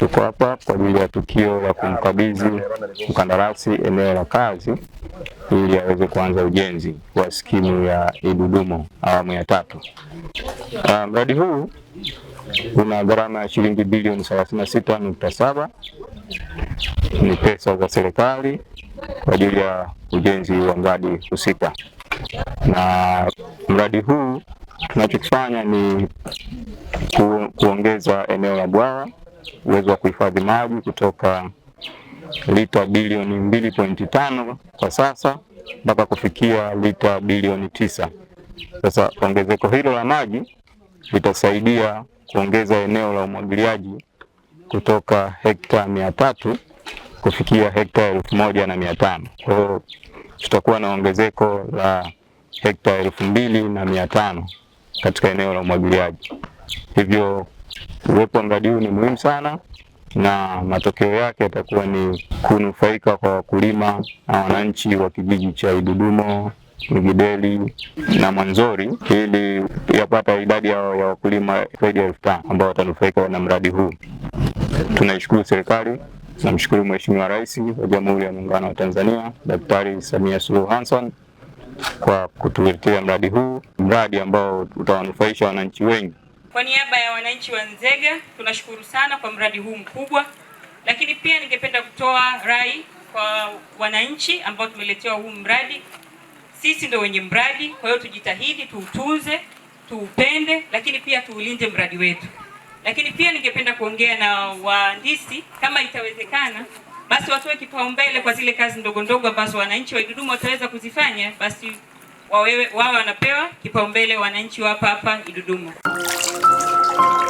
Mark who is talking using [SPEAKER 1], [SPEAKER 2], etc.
[SPEAKER 1] Tuko hapa kwa ajili ya tukio la kumkabidhi mkandarasi eneo la kazi ili aweze kuanza ujenzi wa skimu ya Idudumo awamu ya tatu. Ah, mradi um, huu una gharama ya shilingi bilioni 36.7 ni pesa za serikali kwa ajili ya ujenzi wa mradi husika, na mradi huu tunachokifanya ni ku, kuongeza eneo la bwawa uwezo wa kuhifadhi maji kutoka lita bilioni mbili pointi tano kwa sasa mpaka kufikia lita bilioni tisa. Sasa ongezeko hilo la maji litasaidia kuongeza eneo la umwagiliaji kutoka hekta mia tatu kufikia hekta elfu moja na mia tano. Kwa hiyo tutakuwa na ongezeko la hekta elfu mbili na mia tano katika eneo la umwagiliaji hivyo Uwepo wa mradi huu ni muhimu sana na matokeo yake yatakuwa ni kunufaika kwa wakulima na wananchi wa kijiji cha Idudumo, Migideli na Mwanzori ili yapata idadi ya, ya wakulima zaidi ya elfu tano ambao watanufaika na mradi huu. Tunaishukuru serikali, namshukuru Mheshimiwa Rais wa Jamhuri ya Muungano wa Tanzania Daktari Samia Suluhu Hassan kwa kutuletea mradi huu, mradi ambao utawanufaisha wananchi wengi.
[SPEAKER 2] Kwa niaba ya wananchi wa Nzega tunashukuru sana kwa mradi huu mkubwa, lakini pia ningependa kutoa rai kwa wananchi ambao tumeletewa huu mradi. Sisi ndio wenye mradi, kwa hiyo tujitahidi tuutunze, tuupende, lakini pia tuulinde mradi wetu. Lakini pia ningependa kuongea na wahandisi, kama itawezekana, basi watoe kipaumbele kwa zile kazi ndogo ndogo ambazo wananchi wa Iduduma wataweza kuzifanya basi wawe wao wanapewa kipaumbele wananchi wapa hapa hapa